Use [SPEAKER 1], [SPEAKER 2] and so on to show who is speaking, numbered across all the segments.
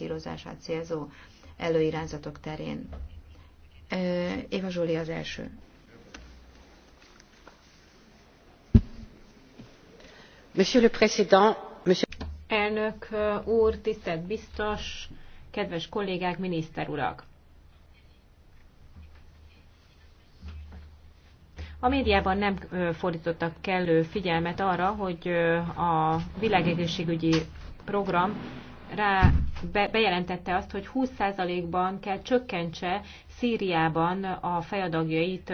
[SPEAKER 1] finanszírozását célzó előirányzatok terén. Éva Zsoli az első.
[SPEAKER 2] Monsieur le Président, Monsieur... Elnök úr, tisztelt biztos, kedves kollégák, miniszter urak! A médiában nem fordítottak kellő figyelmet arra, hogy a világegészségügyi program rá bejelentette azt, hogy 20%-ban kell csökkentse Szíriában a fejadagjait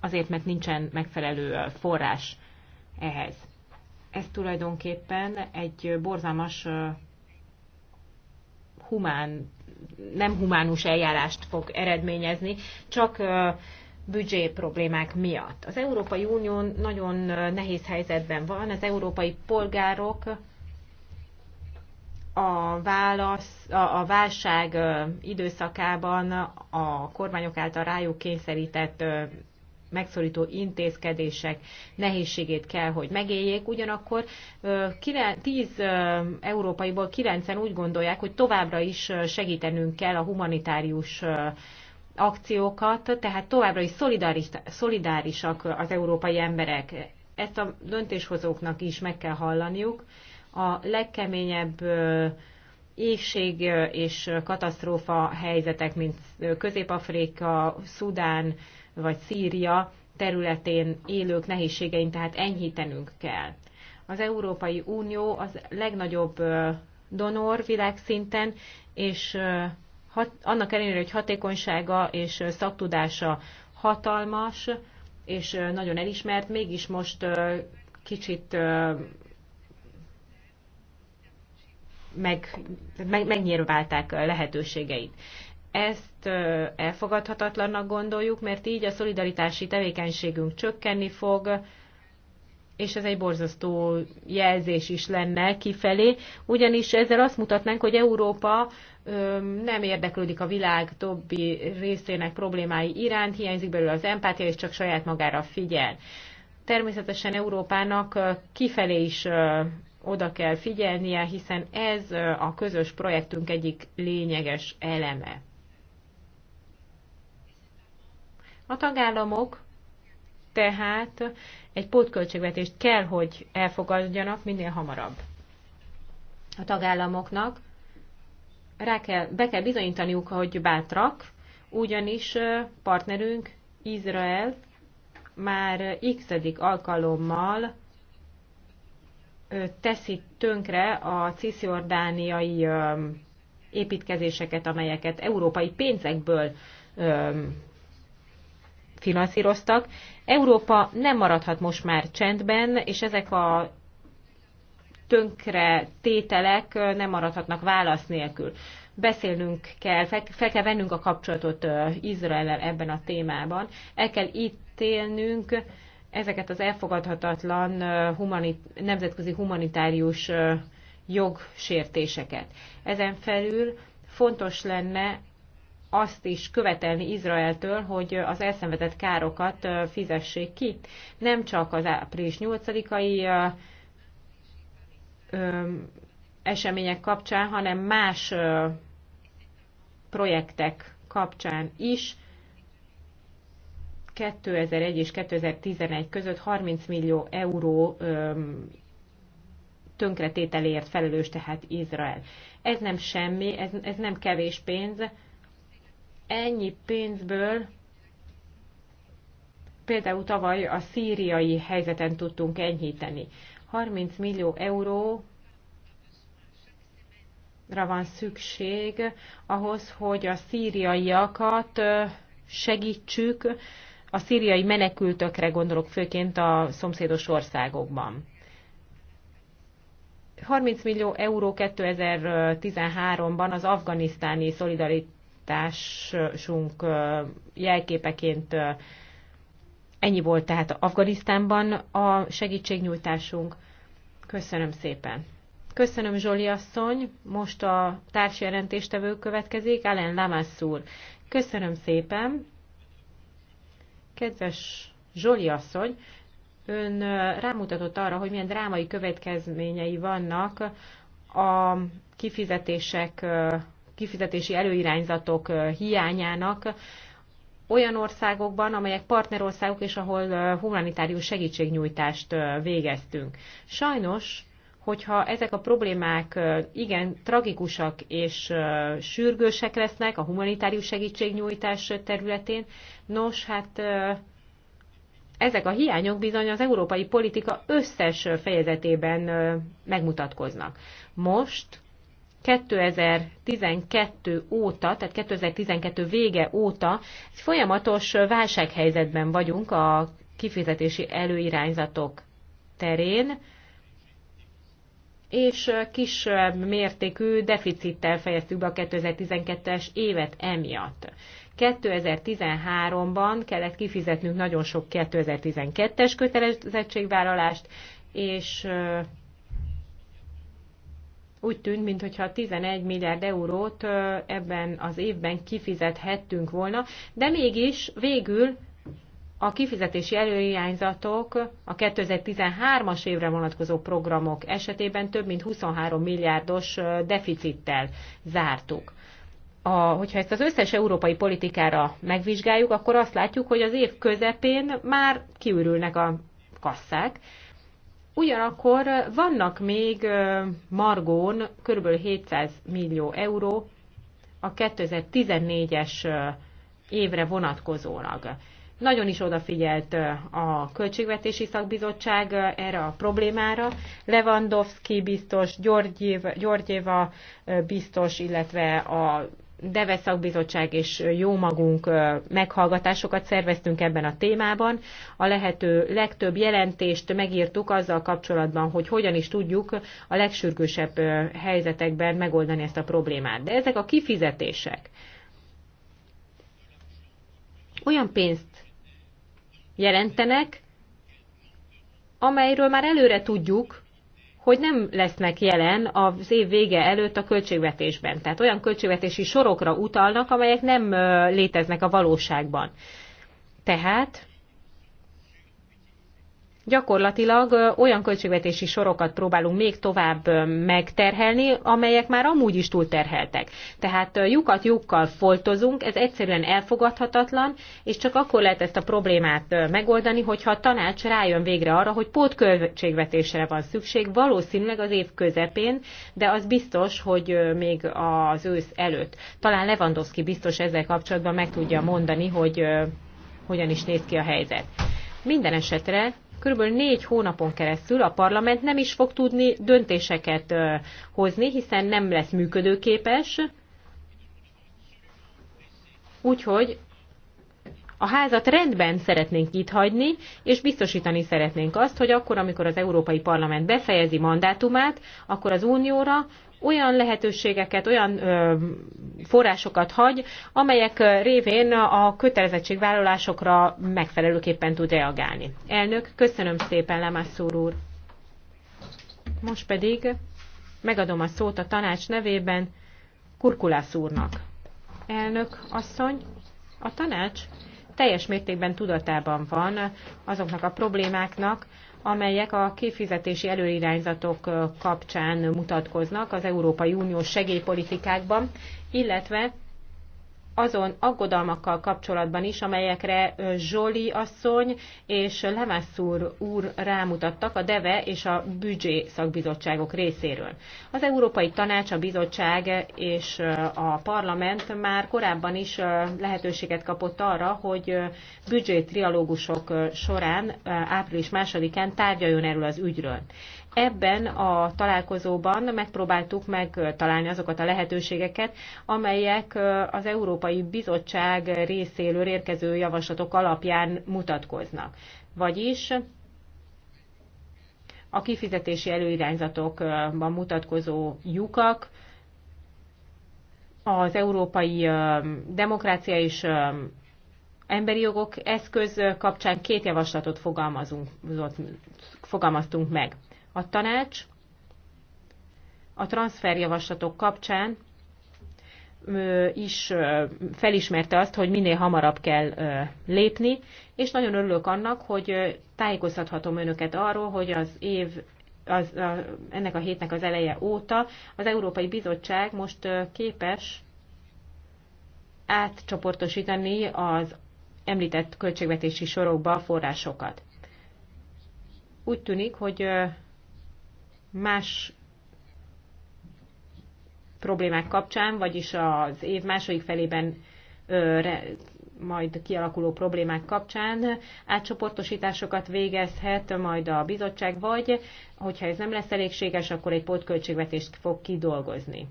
[SPEAKER 2] azért, mert nincsen megfelelő forrás ehhez. Ez tulajdonképpen egy borzalmas humán, nem humánus eljárást fog eredményezni, csak büdzsé problémák miatt. Az Európai Unió nagyon nehéz helyzetben van, az európai polgárok a, válasz, a, a válság időszakában a kormányok által rájuk kényszerített megszorító intézkedések nehézségét kell, hogy megéljék. Ugyanakkor 10 európaiból 9-en úgy gondolják, hogy továbbra is segítenünk kell a humanitárius akciókat, tehát továbbra is szolidárisak az európai emberek. Ezt a döntéshozóknak is meg kell hallaniuk a legkeményebb égség és katasztrófa helyzetek, mint Közép-Afrika, Szudán vagy Szíria területén élők nehézségein, tehát enyhítenünk kell. Az Európai Unió az legnagyobb donor világszinten, és hat, annak ellenére, hogy hatékonysága és szaktudása hatalmas, és nagyon elismert, mégis most kicsit meg, meg, megnyírválták lehetőségeit. Ezt elfogadhatatlannak gondoljuk, mert így a szolidaritási tevékenységünk csökkenni fog, és ez egy borzasztó jelzés is lenne kifelé, ugyanis ezzel azt mutatnánk, hogy Európa nem érdeklődik a világ többi részének problémái iránt, hiányzik belőle az empátia, és csak saját magára figyel. Természetesen Európának kifelé is oda kell figyelnie, hiszen ez a közös projektünk egyik lényeges eleme. A tagállamok tehát egy pótköltségvetést kell, hogy elfogadjanak minél hamarabb. A tagállamoknak rá kell, be kell bizonyítaniuk, hogy bátrak, ugyanis partnerünk Izrael már x alkalommal teszi tönkre a cisziordániai építkezéseket, amelyeket európai pénzekből finanszíroztak. Európa nem maradhat most már csendben, és ezek a tönkre tételek nem maradhatnak válasz nélkül. Beszélnünk kell, fel, fel kell vennünk a kapcsolatot Izrael ebben a témában. El kell ítélnünk ezeket az elfogadhatatlan humanit, nemzetközi humanitárius jogsértéseket. Ezen felül fontos lenne azt is követelni Izraeltől, hogy az elszenvedett károkat fizessék ki. Nem csak az április 8-ai események kapcsán, hanem más projektek kapcsán is 2001 és 2011 között 30 millió euró tönkretételért felelős tehát Izrael. Ez nem semmi, ez, ez nem kevés pénz. Ennyi pénzből például tavaly a szíriai helyzeten tudtunk enyhíteni. 30 millió euró van szükség ahhoz, hogy a szíriaiakat segítsük, a szíriai menekültökre gondolok főként a szomszédos országokban. 30 millió euró 2013-ban az afganisztáni szolidaritásunk jelképeként ennyi volt tehát Afganisztánban a segítségnyújtásunk. Köszönöm szépen. Köszönöm Zsoli asszony, most a társjelentéstevő következik, Ellen Lamassur. Köszönöm szépen. Kedves Zsoli asszony, ön rámutatott arra, hogy milyen drámai következményei vannak a kifizetések, kifizetési előirányzatok hiányának olyan országokban, amelyek partnerországok és ahol humanitárius segítségnyújtást végeztünk. Sajnos hogyha ezek a problémák igen tragikusak és sürgősek lesznek a humanitárius segítségnyújtás területén, nos, hát ezek a hiányok bizony az európai politika összes fejezetében megmutatkoznak. Most 2012 óta, tehát 2012 vége óta egy folyamatos válsághelyzetben vagyunk a kifizetési előirányzatok terén, és kisebb mértékű deficittel fejeztük be a 2012-es évet emiatt. 2013-ban kellett kifizetnünk nagyon sok 2012-es kötelezettségvállalást, és úgy tűnt, mintha 11 milliárd eurót ebben az évben kifizethettünk volna, de mégis végül a kifizetési előirányzatok a 2013-as évre vonatkozó programok esetében több mint 23 milliárdos deficittel zártuk. A, hogyha ezt az összes európai politikára megvizsgáljuk, akkor azt látjuk, hogy az év közepén már kiürülnek a kasszák. Ugyanakkor vannak még margón kb. 700 millió euró a 2014-es évre vonatkozónak. Nagyon is odafigyelt a Költségvetési Szakbizottság erre a problémára. Lewandowski biztos, Györgyéva biztos, illetve a Deve szakbizottság és jó magunk meghallgatásokat szerveztünk ebben a témában. A lehető legtöbb jelentést megírtuk azzal kapcsolatban, hogy hogyan is tudjuk a legsürgősebb helyzetekben megoldani ezt a problémát. De ezek a kifizetések olyan pénzt jelentenek, amelyről már előre tudjuk, hogy nem lesznek jelen az év vége előtt a költségvetésben. Tehát olyan költségvetési sorokra utalnak, amelyek nem léteznek a valóságban. Tehát gyakorlatilag olyan költségvetési sorokat próbálunk még tovább megterhelni, amelyek már amúgy is túlterheltek. Tehát lyukat lyukkal foltozunk, ez egyszerűen elfogadhatatlan, és csak akkor lehet ezt a problémát megoldani, hogyha a tanács rájön végre arra, hogy pótköltségvetésre van szükség, valószínűleg az év közepén, de az biztos, hogy még az ősz előtt. Talán Lewandowski biztos ezzel kapcsolatban meg tudja mondani, hogy hogyan is néz ki a helyzet. Minden esetre Körülbelül négy hónapon keresztül a parlament nem is fog tudni döntéseket hozni, hiszen nem lesz működőképes. Úgyhogy a házat rendben szeretnénk itt hagyni, és biztosítani szeretnénk azt, hogy akkor, amikor az Európai Parlament befejezi mandátumát, akkor az Unióra olyan lehetőségeket, olyan ö, forrásokat hagy, amelyek révén a kötelezettségvállalásokra megfelelőképpen tud reagálni. Elnök, köszönöm szépen, Lemasszúr úr. Most pedig megadom a szót a tanács nevében Kurkulász úrnak. Elnök asszony, a tanács teljes mértékben tudatában van azoknak a problémáknak, amelyek a kifizetési előirányzatok kapcsán mutatkoznak az Európai Uniós segélypolitikákban, illetve azon aggodalmakkal kapcsolatban is, amelyekre Zsoli asszony és Lemászúr úr rámutattak a DEVE és a büdzsé szakbizottságok részéről. Az Európai Tanács, a Bizottság és a Parlament már korábban is lehetőséget kapott arra, hogy büdzsé trialógusok során április másodikán tárgyaljon erről az ügyről. Ebben a találkozóban megpróbáltuk megtalálni azokat a lehetőségeket, amelyek az Európai Bizottság részéről érkező javaslatok alapján mutatkoznak. Vagyis a kifizetési előirányzatokban mutatkozó lyukak, az európai demokrácia és emberi jogok eszköz kapcsán két javaslatot fogalmazunk, fogalmaztunk meg. A tanács a transferjavaslatok kapcsán is felismerte azt, hogy minél hamarabb kell lépni, és nagyon örülök annak, hogy tájékoztathatom önöket arról, hogy az év az, a, ennek a hétnek az eleje óta az Európai Bizottság most képes átcsoportosítani az említett költségvetési sorokba a forrásokat. Úgy tűnik, hogy más problémák kapcsán, vagyis az év második felében majd kialakuló problémák kapcsán átcsoportosításokat végezhet majd a bizottság, vagy hogyha ez nem lesz elégséges, akkor egy pótköltségvetést fog kidolgozni.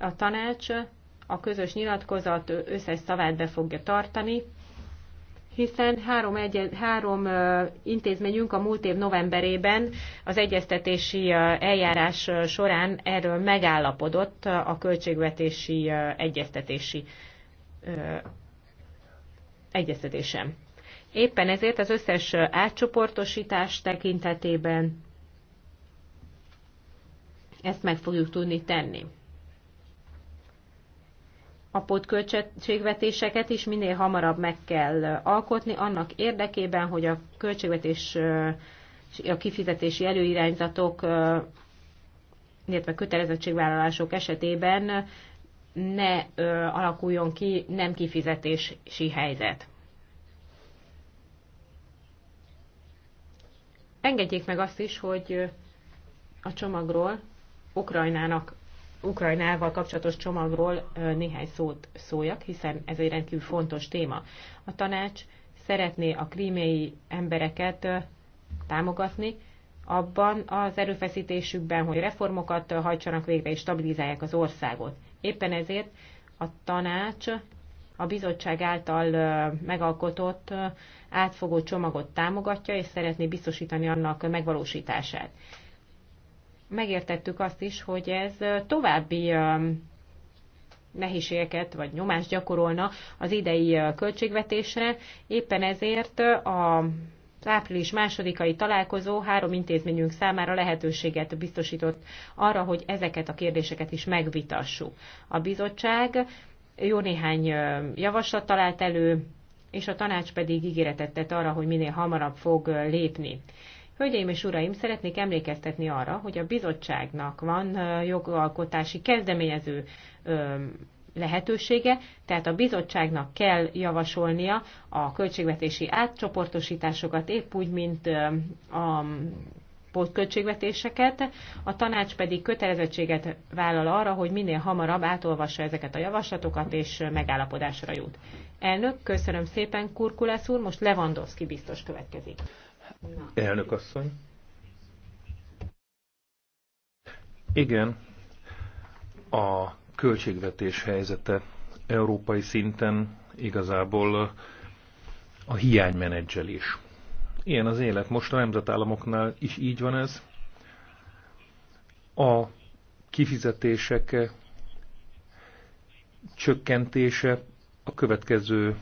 [SPEAKER 2] A tanács a közös nyilatkozat összes szavát be fogja tartani, hiszen három, egyen, három intézményünk a múlt év novemberében az egyeztetési eljárás során erről megállapodott a költségvetési egyeztetési egyeztetésem. Éppen ezért az összes átcsoportosítás tekintetében ezt meg fogjuk tudni tenni a pótköltségvetéseket is minél hamarabb meg kell alkotni, annak érdekében, hogy a költségvetés a kifizetési előirányzatok, illetve kötelezettségvállalások esetében ne alakuljon ki nem kifizetési helyzet. Engedjék meg azt is, hogy a csomagról Ukrajnának Ukrajnával kapcsolatos csomagról néhány szót szóljak, hiszen ez egy rendkívül fontos téma. A tanács szeretné a krímei embereket támogatni, abban az erőfeszítésükben, hogy reformokat hajtsanak végre és stabilizálják az országot. Éppen ezért a tanács a bizottság által megalkotott átfogó csomagot támogatja, és szeretné biztosítani annak megvalósítását megértettük azt is, hogy ez további nehézségeket vagy nyomást gyakorolna az idei költségvetésre. Éppen ezért a az április másodikai találkozó három intézményünk számára lehetőséget biztosított arra, hogy ezeket a kérdéseket is megvitassuk. A bizottság jó néhány javaslat talált elő, és a tanács pedig ígéretet tett arra, hogy minél hamarabb fog lépni. Hölgyeim és uraim, szeretnék emlékeztetni arra, hogy a bizottságnak van jogalkotási kezdeményező lehetősége, tehát a bizottságnak kell javasolnia a költségvetési átcsoportosításokat, épp úgy, mint a pótköltségvetéseket, a tanács pedig kötelezettséget vállal arra, hogy minél hamarabb átolvassa ezeket a javaslatokat, és megállapodásra jut. Elnök, köszönöm szépen, Kurkulász úr, most Lewandowski biztos következik.
[SPEAKER 3] Elnök asszony. Igen, a költségvetés helyzete európai szinten igazából a hiánymenedzselés. Ilyen az élet. Most a nemzetállamoknál is így van ez. A kifizetések csökkentése a következő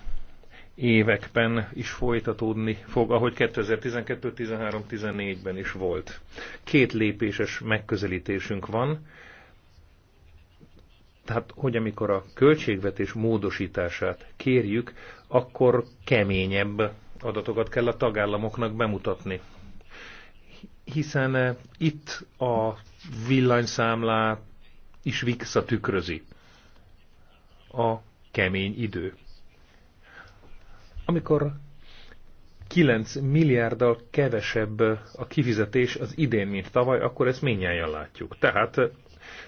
[SPEAKER 3] években is folytatódni fog, ahogy 2012, 13, 14 ben is volt. Két lépéses megközelítésünk van, tehát hogy amikor a költségvetés módosítását kérjük, akkor keményebb adatokat kell a tagállamoknak bemutatni. Hiszen eh, itt a villanyszámlá is visszatükrözi a kemény idő amikor 9 milliárddal kevesebb a kifizetés az idén, mint tavaly, akkor ezt minnyáján látjuk. Tehát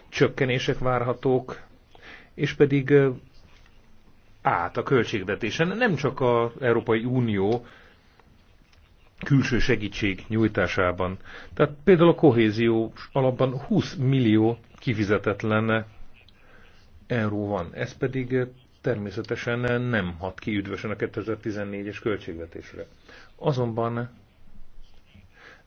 [SPEAKER 3] csökkenések várhatók, és pedig át a költségvetésen. Nem csak az Európai Unió külső segítség nyújtásában. Tehát például a kohézió alapban 20 millió kifizetetlen euró van. Ez pedig természetesen nem hat ki üdvösen a 2014-es költségvetésre. Azonban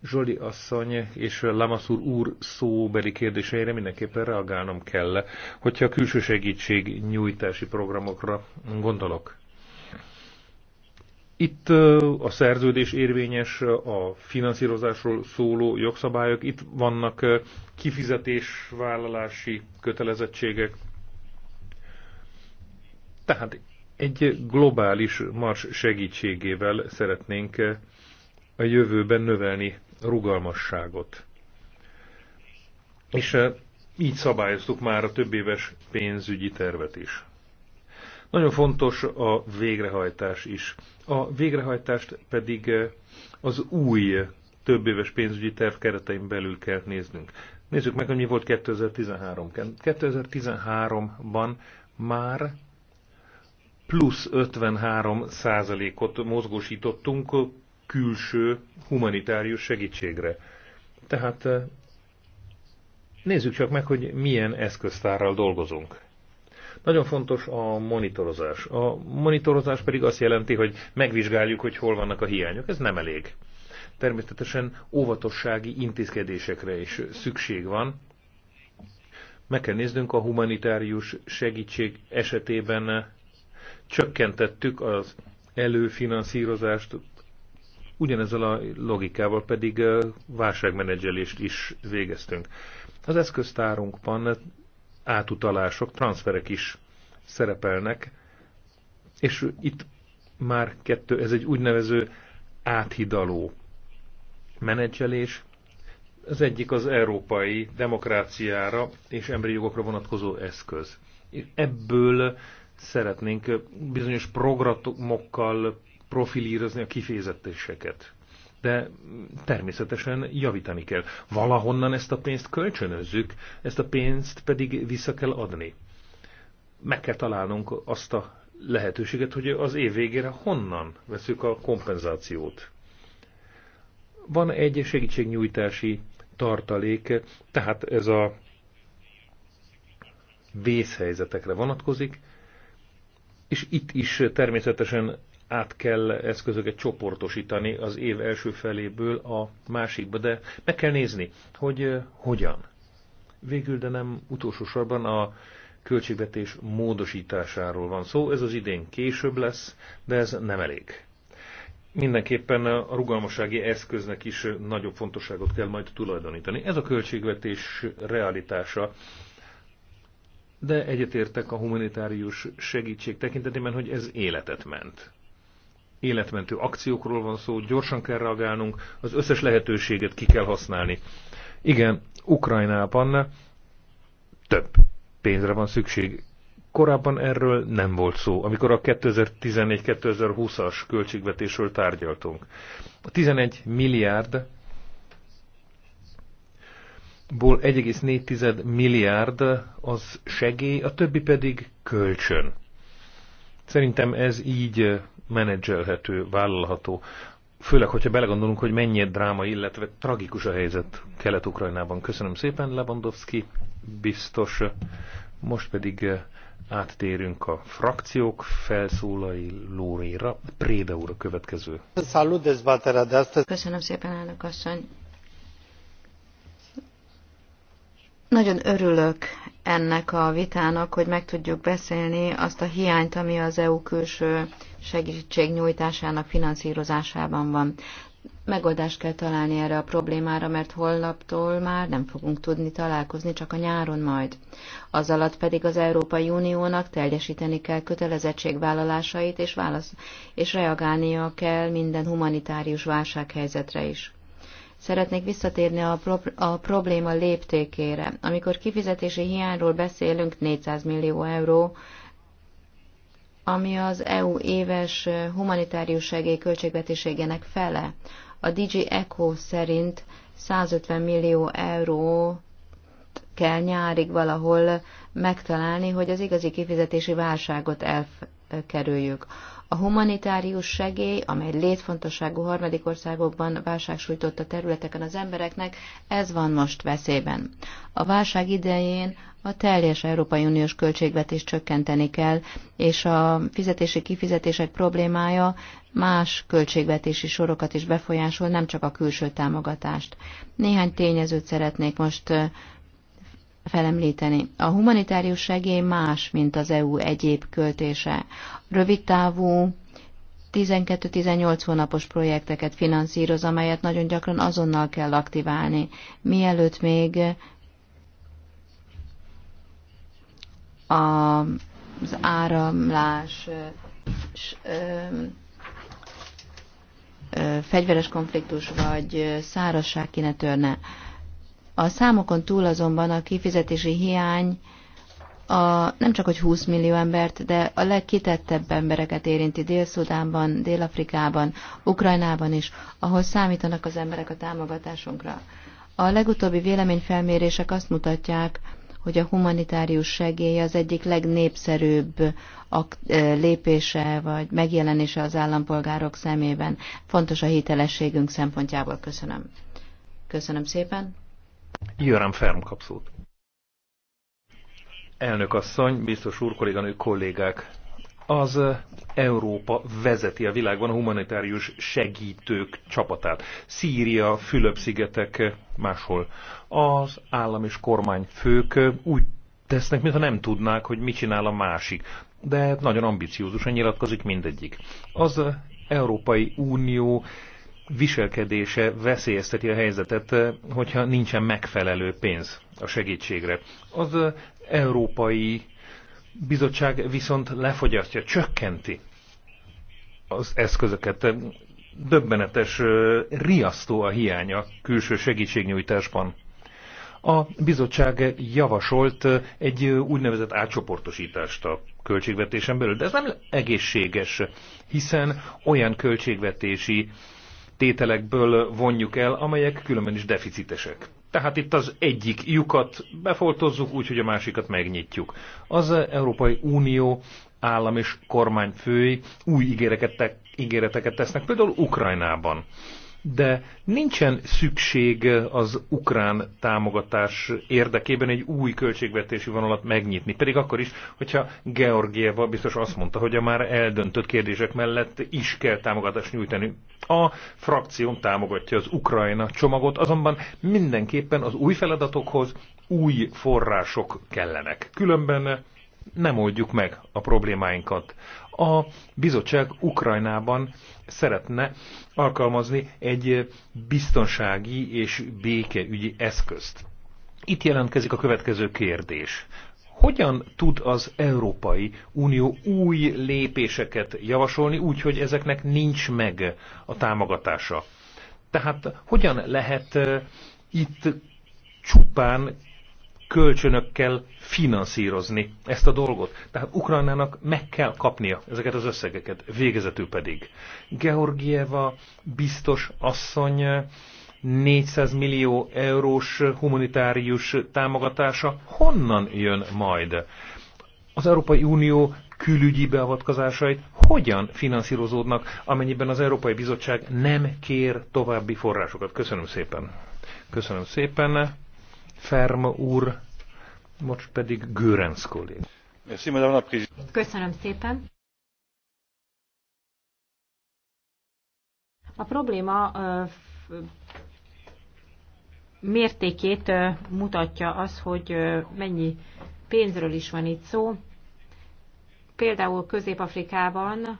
[SPEAKER 3] Zsoli asszony és Lamaszur úr szóbeli kérdéseire mindenképpen reagálnom kell, hogyha a külső segítség nyújtási programokra gondolok. Itt a szerződés érvényes, a finanszírozásról szóló jogszabályok, itt vannak kifizetésvállalási kötelezettségek, tehát egy globális mars segítségével szeretnénk a jövőben növelni rugalmasságot. És eh, így szabályoztuk már a éves pénzügyi tervet is. Nagyon fontos a végrehajtás is. A végrehajtást pedig eh, az új éves pénzügyi terv keretein belül kell néznünk. Nézzük meg, hogy mi volt 2013-ban. 2013-ban már plusz 53 százalékot mozgósítottunk külső humanitárius segítségre. Tehát eh, nézzük csak meg, hogy milyen eszköztárral dolgozunk. Nagyon fontos a monitorozás. A monitorozás pedig azt jelenti, hogy megvizsgáljuk, hogy hol vannak a hiányok. Ez nem elég. Természetesen óvatossági intézkedésekre is szükség van. Meg kell néznünk a humanitárius segítség esetében csökkentettük az előfinanszírozást, ugyanezzel a logikával pedig válságmenedzselést is végeztünk. Az eszköztárunkban átutalások, transferek is szerepelnek, és itt már kettő, ez egy úgynevező áthidaló menedzselés. Az egyik az európai demokráciára és emberi jogokra vonatkozó eszköz. Ebből szeretnénk bizonyos programokkal profilírozni a kifézetéseket. De természetesen javítani kell. Valahonnan ezt a pénzt kölcsönözzük, ezt a pénzt pedig vissza kell adni. Meg kell találnunk azt a lehetőséget, hogy az év végére honnan veszük a kompenzációt. Van egy segítségnyújtási tartalék, tehát ez a vészhelyzetekre vonatkozik, és itt is természetesen át kell eszközöket csoportosítani az év első feléből a másikba, de meg kell nézni, hogy eh, hogyan. Végül, de nem utolsó sorban a költségvetés módosításáról van szó, ez az idén később lesz, de ez nem elég. Mindenképpen a rugalmassági eszköznek is nagyobb fontosságot kell majd tulajdonítani. Ez a költségvetés realitása de egyetértek a humanitárius segítség tekintetében, hogy ez életet ment. Életmentő akciókról van szó, gyorsan kell reagálnunk, az összes lehetőséget ki kell használni. Igen, Ukrajnában több pénzre van szükség. Korábban erről nem volt szó, amikor a 2014-2020-as költségvetésről tárgyaltunk. A 11 milliárd ból 1,4 milliárd az segély, a többi pedig kölcsön. Szerintem ez így menedzselhető, vállalható. Főleg, hogyha belegondolunk, hogy mennyi dráma, illetve tragikus a helyzet Kelet-Ukrajnában. Köszönöm szépen, Lewandowski biztos. Most pedig eh, áttérünk a frakciók felszólai Lóréra. Préda
[SPEAKER 1] úr a következő. Köszönöm szépen, elnök asszony. Nagyon örülök ennek a vitának, hogy meg tudjuk beszélni azt a hiányt, ami az EU külső segítségnyújtásának finanszírozásában van. Megoldást kell találni erre a problémára, mert holnaptól már nem fogunk tudni találkozni, csak a nyáron majd. Az alatt pedig az Európai Uniónak teljesíteni kell kötelezettségvállalásait, és, válasz, és reagálnia kell minden humanitárius válsághelyzetre is. Szeretnék visszatérni a, pro- a probléma léptékére. Amikor kifizetési hiányról beszélünk, 400 millió euró, ami az EU éves humanitárius segély költségvetésének fele. A DG ECHO szerint 150 millió euró kell nyárig valahol megtalálni, hogy az igazi kifizetési válságot kerüljük. A humanitárius segély, amely létfontosságú harmadik országokban a területeken az embereknek, ez van most veszélyben. A válság idején a teljes Európai Uniós költségvetést csökkenteni kell, és a fizetési kifizetések problémája más költségvetési sorokat is befolyásol, nem csak a külső támogatást. Néhány tényezőt szeretnék most felemlíteni. A humanitárius segély más, mint az EU egyéb költése. Rövidtávú 12-18 hónapos projekteket finanszíroz, amelyet nagyon gyakran azonnal kell aktiválni, mielőtt még az áramlás fegyveres konfliktus vagy szárazság ki ne törne. A számokon túl azonban a kifizetési hiány a, nem csak hogy 20 millió embert, de a legkitettebb embereket érinti Dél-Szudánban, Dél-Afrikában, Ukrajnában is, ahol számítanak az emberek a támogatásunkra. A legutóbbi véleményfelmérések azt mutatják, hogy a humanitárius segély az egyik legnépszerűbb lépése vagy megjelenése az állampolgárok szemében. Fontos a hitelességünk szempontjából. Köszönöm. Köszönöm szépen.
[SPEAKER 3] Jörem Ferm kapszót. Elnök asszony, biztos úr, kolléganő, kollégák. Az eh, Európa vezeti a világban a humanitárius segítők csapatát. Szíria, Fülöp-szigetek, eh, máshol. Az állam és kormány fők eh, úgy tesznek, mintha nem tudnák, hogy mit csinál a másik. De nagyon ambiciózusan nyilatkozik mindegyik. Az Európai Unió viselkedése veszélyezteti a helyzetet, eh, hogyha nincsen megfelelő pénz a segítségre. Az eh, Európai Bizottság viszont lefogyasztja, csökkenti az eszközöket. Döbbenetes, eh, riasztó a hiánya külső segítségnyújtásban. A bizottság javasolt egy úgynevezett átcsoportosítást a költségvetésen belül, de ez nem egészséges, hiszen olyan költségvetési tételekből vonjuk el, amelyek különben is deficitesek. Tehát itt az egyik lyukat befoltozzuk, úgyhogy a másikat megnyitjuk. Az Európai Unió állam és kormányfői új ígéreteket tesznek, például Ukrajnában de nincsen szükség az ukrán támogatás érdekében egy új költségvetési vonalat megnyitni. Pedig akkor is, hogyha Georgieva biztos azt mondta, hogy a már eldöntött kérdések mellett is kell támogatást nyújtani. A frakción támogatja az Ukrajna csomagot, azonban mindenképpen az új feladatokhoz új források kellenek. Különben nem oldjuk meg a problémáinkat. A bizottság Ukrajnában szeretne alkalmazni egy biztonsági és békeügyi eszközt. Itt jelentkezik a következő kérdés. Hogyan tud az Európai Unió új lépéseket javasolni, úgy, hogy ezeknek nincs meg a támogatása? Tehát hogyan lehet eh, itt csupán kölcsönökkel finanszírozni ezt a dolgot. Tehát Ukrajnának meg kell kapnia ezeket az összegeket, végezetül pedig. Georgieva biztos asszony 400 millió eurós humanitárius támogatása honnan jön majd? Az Európai Unió külügyi beavatkozásait hogyan finanszírozódnak, amennyiben az Európai Bizottság nem kér további forrásokat? Köszönöm szépen. Köszönöm szépen. Ferm úr, most pedig Görenc kollég.
[SPEAKER 2] Köszönöm szépen. A probléma mértékét mutatja az, hogy mennyi pénzről is van itt szó. Például Közép-Afrikában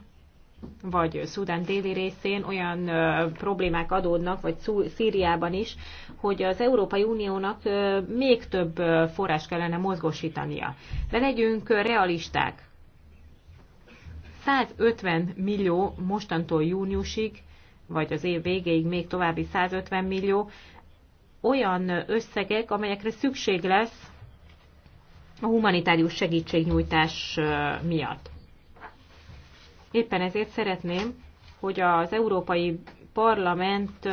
[SPEAKER 2] vagy Szudán déli részén olyan problémák adódnak, vagy Szíriában is, hogy az Európai Uniónak még több forrás kellene mozgósítania. De legyünk realisták. 150 millió mostantól júniusig, vagy az év végéig még további 150 millió olyan összegek, amelyekre szükség lesz a humanitárius segítségnyújtás miatt. Éppen ezért szeretném, hogy az Európai Parlament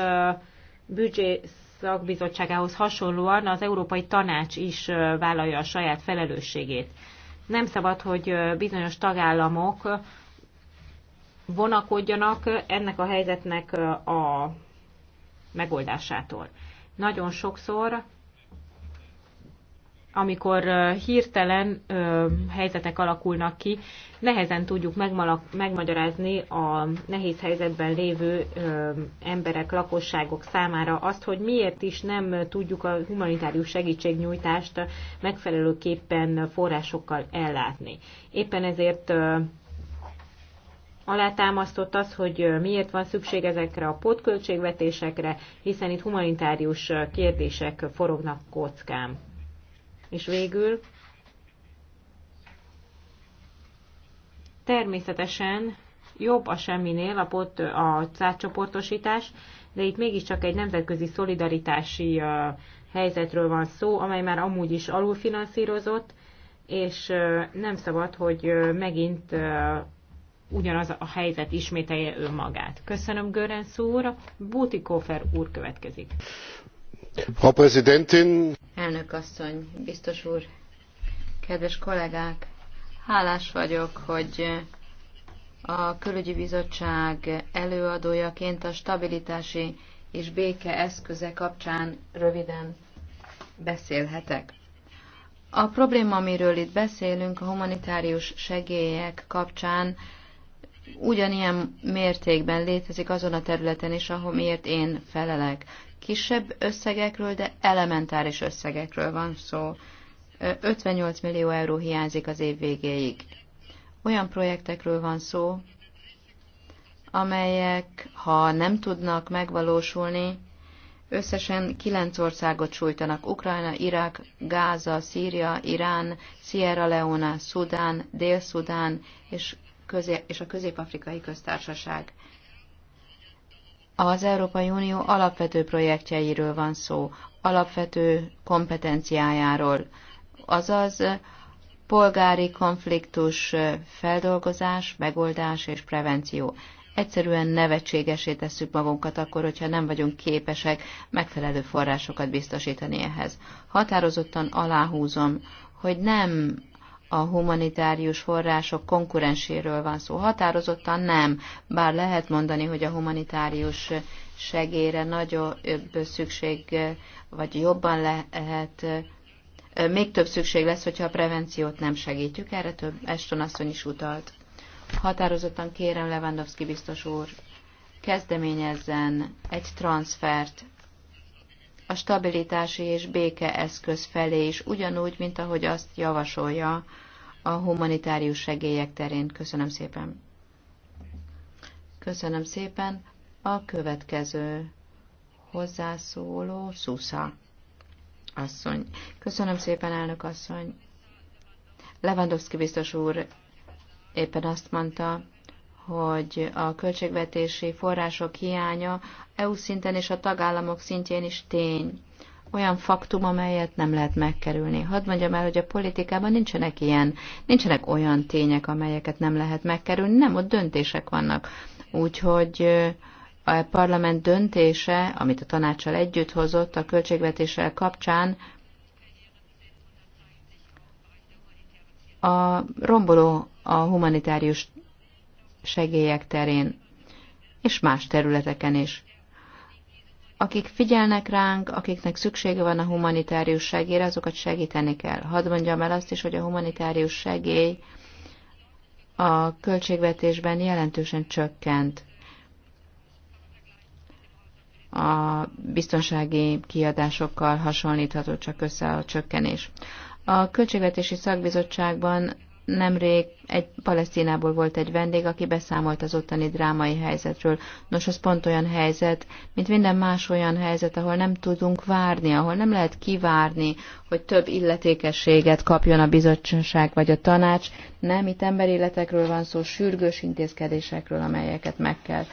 [SPEAKER 2] büdzsé szakbizottságához hasonlóan az Európai Tanács is vállalja a saját felelősségét. Nem szabad, hogy bizonyos tagállamok vonakodjanak ennek a helyzetnek a megoldásától. Nagyon sokszor amikor hirtelen helyzetek alakulnak ki, nehezen tudjuk megmagyarázni a nehéz helyzetben lévő emberek, lakosságok számára azt, hogy miért is nem tudjuk a humanitárius segítségnyújtást megfelelőképpen forrásokkal ellátni. Éppen ezért alátámasztott az, hogy miért van szükség ezekre a pótköltségvetésekre, hiszen itt humanitárius kérdések forognak kockán. És végül természetesen jobb a semminél a, pot, a csoportosítás, de itt mégiscsak egy nemzetközi szolidaritási helyzetről van szó, amely már amúgy is alulfinanszírozott, és nem szabad, hogy megint ugyanaz a helyzet ismételje önmagát.
[SPEAKER 1] Köszönöm, Görenc úr. Bútikófer úr következik.
[SPEAKER 2] Frau Präsidentin!
[SPEAKER 1] Elnök asszony, biztos úr, kedves kollégák! Hálás vagyok, hogy a külügyi bizottság előadójaként a stabilitási és béke eszköze kapcsán röviden beszélhetek. A probléma, amiről itt beszélünk, a humanitárius segélyek kapcsán ugyanilyen mértékben létezik azon a területen is, ahol miért én felelek kisebb összegekről, de elementáris összegekről van szó. 58 millió euró hiányzik az év végéig. Olyan projektekről van szó, amelyek, ha nem tudnak megvalósulni, összesen kilenc országot sújtanak. Ukrajna, Irak, Gáza, Szíria, Irán, Sierra Leone, Szudán, Dél-Szudán és, közé- és a Közép-Afrikai Köztársaság. Az Európai Unió alapvető projektjeiről van szó, alapvető kompetenciájáról, azaz polgári konfliktus feldolgozás, megoldás és prevenció. Egyszerűen nevetségesé tesszük magunkat akkor, hogyha nem vagyunk képesek megfelelő forrásokat biztosítani ehhez. Határozottan aláhúzom, hogy nem a humanitárius források konkurenséről van szó. Határozottan nem, bár lehet mondani, hogy a humanitárius segélyre nagyobb szükség, vagy jobban lehet, még több szükség lesz, hogyha a prevenciót nem segítjük. Erre több Eston asszony is utalt. Határozottan kérem Lewandowski biztos úr, kezdeményezzen egy transfert a stabilitási és béke eszköz felé is, ugyanúgy, mint ahogy azt javasolja a humanitárius segélyek terén. Köszönöm szépen. Köszönöm szépen. A következő hozzászóló Szusza asszony. Köszönöm szépen, elnök asszony. Lewandowski biztos úr éppen azt mondta, hogy a költségvetési források hiánya EU szinten és a tagállamok szintjén is tény olyan faktum, amelyet nem lehet megkerülni. Hadd mondjam el, hogy a politikában nincsenek ilyen, nincsenek olyan tények, amelyeket nem lehet megkerülni, nem, ott döntések vannak. Úgyhogy a parlament döntése, amit a tanácssal együtt hozott a költségvetéssel kapcsán, a romboló a humanitárius segélyek terén, és más területeken is. Akik figyelnek ránk, akiknek szüksége van a humanitárius segélyre, azokat segíteni kell. Hadd mondjam el azt is, hogy a humanitárius segély a költségvetésben jelentősen csökkent a biztonsági kiadásokkal hasonlítható csak össze a csökkenés. A Költségvetési Szakbizottságban nemrég egy Palesztinából volt egy vendég, aki beszámolt az ottani drámai helyzetről. Nos, az pont olyan helyzet, mint minden más olyan helyzet, ahol nem tudunk várni, ahol nem lehet kivárni, hogy több illetékességet kapjon a bizottság vagy a tanács. Nem, itt emberéletekről van szó, sürgős intézkedésekről, amelyeket meg kell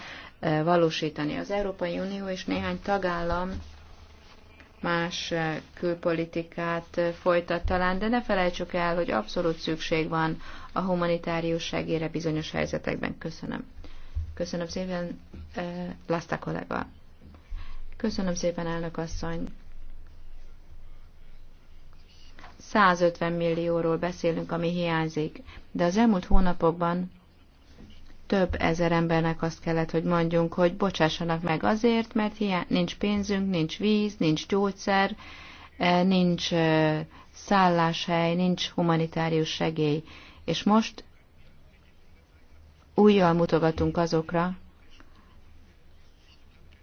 [SPEAKER 1] eh, valósítani. Az Európai Unió és néhány tagállam más eh, külpolitikát eh, folytat talán, de ne felejtsük el, hogy abszolút szükség van a humanitárius segére bizonyos helyzetekben. Köszönöm. Köszönöm szépen, eh, Laszta kollega. Köszönöm szépen, elnök asszony. 150 millióról beszélünk, ami hiányzik, de az elmúlt hónapokban több ezer embernek azt kellett, hogy mondjunk, hogy bocsássanak meg azért, mert hiány, nincs pénzünk, nincs víz, nincs gyógyszer, eh, nincs eh, szálláshely, nincs humanitárius segély. És most újjal mutogatunk azokra,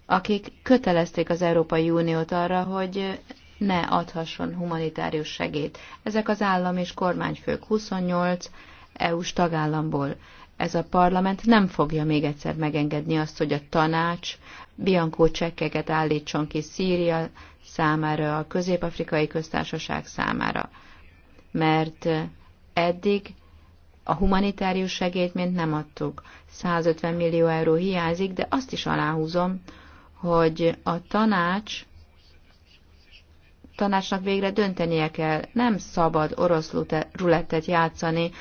[SPEAKER 1] akik kötelezték az Európai Uniót arra, hogy ne adhasson humanitárius segélyt. Ezek az állam és kormányfők 28 EU-s tagállamból ez a parlament nem fogja még egyszer megengedni azt, hogy a tanács Bianco csekkeket állítson ki Szíria számára, a közép-afrikai köztársaság számára. Mert eddig a humanitárius segélyt mint nem adtuk. 150 millió euró hiányzik, de azt is aláhúzom, hogy a tanács tanácsnak végre döntenie kell, nem szabad orosz rulettet játszani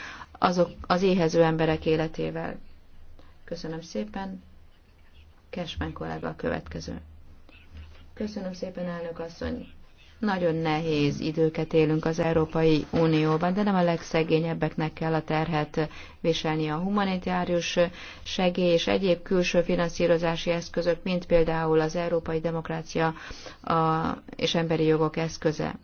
[SPEAKER 1] azok, az éhező emberek életével. Köszönöm szépen. Kesmen kollega a következő. Köszönöm szépen, elnök asszony. Nagyon nehéz időket élünk az Európai Unióban, de nem a legszegényebbeknek kell a terhet viselni. A humanitárius segély és egyéb külső finanszírozási eszközök, mint például az Európai Demokrácia és Emberi Jogok eszköze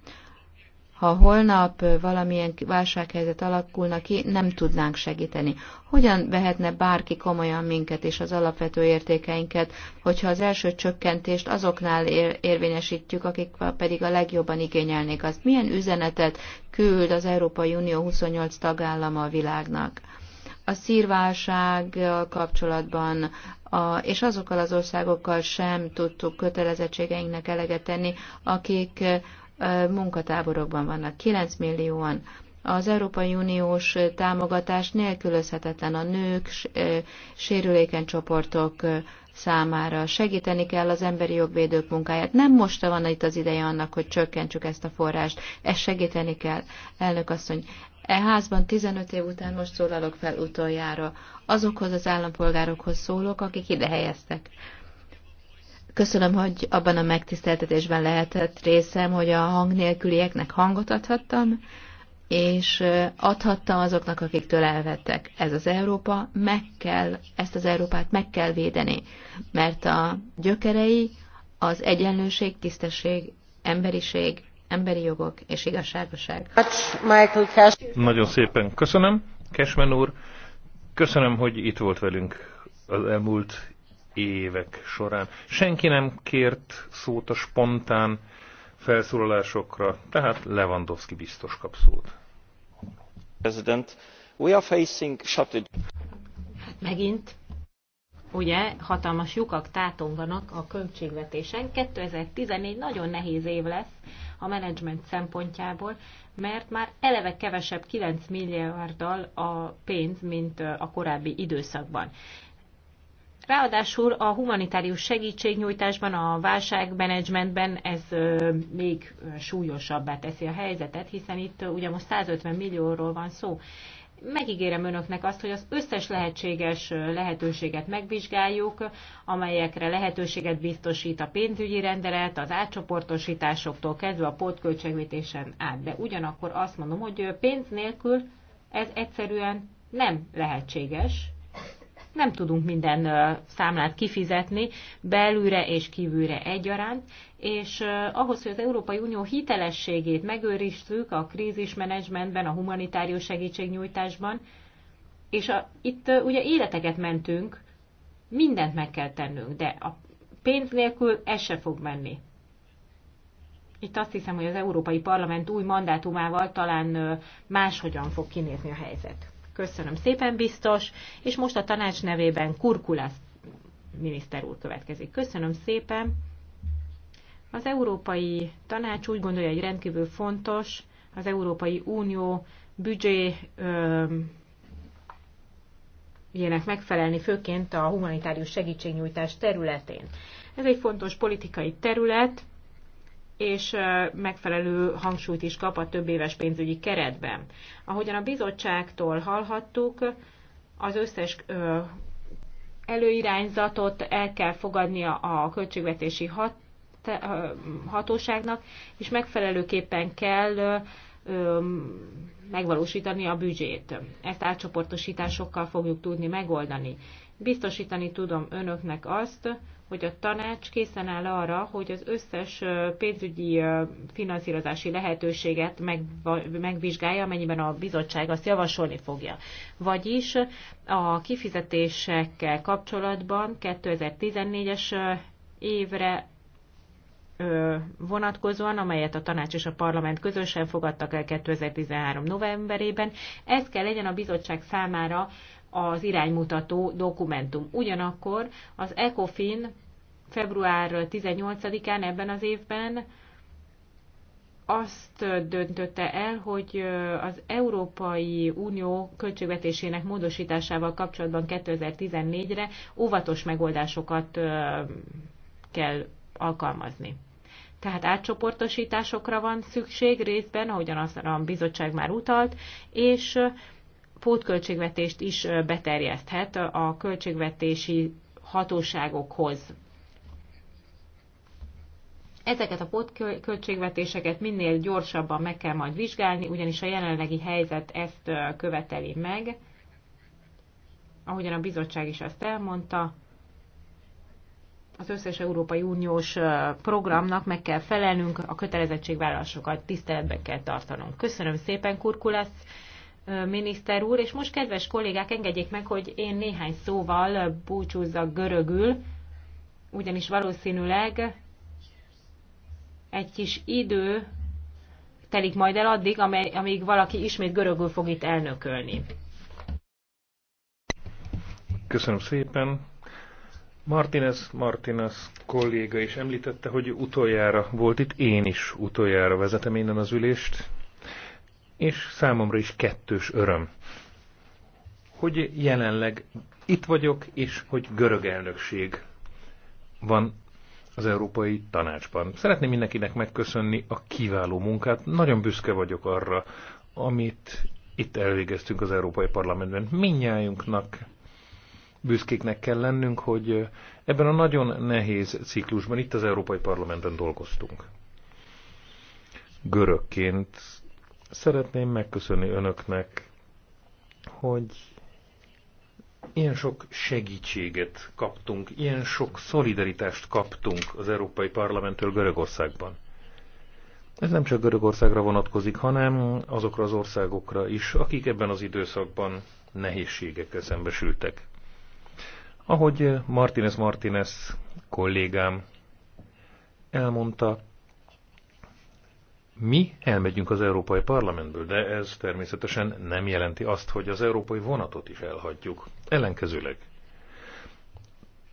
[SPEAKER 1] ha holnap valamilyen válsághelyzet alakulna ki, nem tudnánk segíteni. Hogyan vehetne bárki komolyan minket és az alapvető értékeinket, hogyha az első csökkentést azoknál ér- érvényesítjük, akik pedig a legjobban igényelnék azt? Milyen üzenetet küld az Európai Unió 28 tagállama a világnak? A szírválság kapcsolatban a, és azokkal az országokkal sem tudtuk kötelezettségeinknek eleget tenni, akik munkatáborokban vannak. 9 millióan az Európai Uniós támogatás nélkülözhetetlen a nők, sérülékeny csoportok számára. Segíteni kell az emberi jogvédők munkáját. Nem most van itt az ideje annak, hogy csökkentsük ezt a forrást. Ezt segíteni kell, elnök asszony. E házban 15 év után most szólalok fel utoljára. Azokhoz az állampolgárokhoz szólok, akik ide helyeztek. Köszönöm, hogy abban a megtiszteltetésben lehetett részem, hogy a hang nélkülieknek hangot adhattam, és adhattam azoknak, akiktől elvettek. Ez az Európa, meg kell, ezt az Európát meg kell védeni, mert a gyökerei az egyenlőség, tisztesség, emberiség, emberi jogok és igazságoság.
[SPEAKER 3] Nagyon szépen köszönöm, Kesmen úr. Köszönöm, hogy itt volt velünk az elmúlt évek során. Senki nem kért szót a spontán felszólalásokra, tehát Lewandowski biztos kap szót. President,
[SPEAKER 1] we are facing shortage.
[SPEAKER 2] Hát megint, ugye, hatalmas lyukak tátonganak a költségvetésen. 2014 nagyon nehéz év lesz a menedzsment szempontjából, mert már eleve kevesebb 9 milliárddal a pénz, mint a korábbi időszakban. Ráadásul a humanitárius segítségnyújtásban, a válságmenedzsmentben ez még súlyosabbá teszi a helyzetet, hiszen itt ugye most 150 millióról van szó. Megígérem önöknek azt, hogy az összes lehetséges lehetőséget megvizsgáljuk, amelyekre lehetőséget biztosít a pénzügyi rendelet, az átcsoportosításoktól kezdve a pótköltségvetésen át. De ugyanakkor azt mondom, hogy pénz nélkül ez egyszerűen nem lehetséges, nem tudunk minden számlát kifizetni belülre és kívülre egyaránt, és ahhoz, hogy az Európai Unió hitelességét megőrizzük a krízismenedzsmentben, a humanitárius segítségnyújtásban, és a, itt ugye életeket mentünk, mindent meg kell tennünk, de a pénz nélkül ez se fog menni. Itt azt hiszem, hogy az Európai Parlament új mandátumával talán máshogyan fog kinézni a helyzet. Köszönöm szépen, biztos, és most a tanács nevében Kurkulász miniszter úr következik. Köszönöm szépen. Az Európai Tanács úgy gondolja, hogy rendkívül fontos az Európai Unió büdzséjének megfelelni, főként a humanitárius segítségnyújtás területén. Ez egy fontos politikai terület, és megfelelő hangsúlyt is kap a több éves pénzügyi keretben. Ahogyan a bizottságtól hallhattuk, az összes előirányzatot el kell fogadnia a költségvetési hat, hatóságnak, és megfelelőképpen kell megvalósítani a büdzsét. Ezt átcsoportosításokkal fogjuk tudni megoldani. Biztosítani tudom önöknek azt, hogy a tanács készen áll arra, hogy az összes pénzügyi finanszírozási lehetőséget meg, megvizsgálja, amennyiben a bizottság azt javasolni fogja. Vagyis a kifizetésekkel kapcsolatban 2014-es évre vonatkozóan, amelyet a tanács és a parlament közösen fogadtak el 2013. novemberében. Ez kell legyen a bizottság számára az iránymutató dokumentum. Ugyanakkor az ECOFIN február 18-án ebben az évben azt döntötte el, hogy az Európai Unió költségvetésének módosításával kapcsolatban 2014-re óvatos megoldásokat kell alkalmazni tehát átcsoportosításokra van szükség részben, ahogyan az a bizottság már utalt, és pótköltségvetést is beterjeszthet a költségvetési hatóságokhoz. Ezeket a pótköltségvetéseket minél gyorsabban meg kell majd vizsgálni, ugyanis a jelenlegi helyzet ezt követeli meg. Ahogyan a bizottság is azt elmondta, az összes Európai Uniós programnak meg kell felelnünk, a kötelezettségvállalásokat tiszteletbe kell tartanunk. Köszönöm szépen, Kurkulasz miniszter úr, és most kedves kollégák, engedjék meg, hogy én néhány szóval búcsúzzak görögül, ugyanis valószínűleg egy kis idő telik majd el addig, amíg valaki ismét görögül fog itt elnökölni.
[SPEAKER 3] Köszönöm szépen. Martinez, Martinez kolléga is említette, hogy utoljára volt itt, én is utoljára vezetem innen az ülést, és számomra is kettős öröm, hogy jelenleg itt vagyok, és hogy görög elnökség van az Európai Tanácsban. Szeretném mindenkinek megköszönni a kiváló munkát, nagyon büszke vagyok arra, amit itt elvégeztünk az Európai Parlamentben. Minnyájunknak büszkéknek kell lennünk, hogy ebben a nagyon nehéz ciklusban itt az Európai Parlamentben dolgoztunk. Görökként szeretném megköszönni önöknek, hogy ilyen sok segítséget kaptunk, ilyen sok szolidaritást kaptunk az Európai Parlamenttől Görögországban. Ez nem csak Görögországra vonatkozik, hanem azokra az országokra is, akik ebben az időszakban nehézségekkel szembesültek. Ahogy eh, Martinez Martinez kollégám elmondta, mi elmegyünk az Európai Parlamentből, de ez természetesen nem jelenti azt, hogy az európai vonatot is elhagyjuk. Ellenkezőleg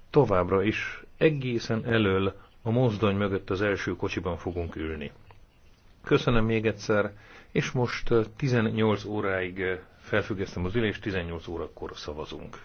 [SPEAKER 3] továbbra is egészen elől a mozdony mögött az első kocsiban fogunk ülni. Köszönöm még egyszer, és most 18 eh, óráig eh, felfüggesztem az ülést, 18 órakor szavazunk.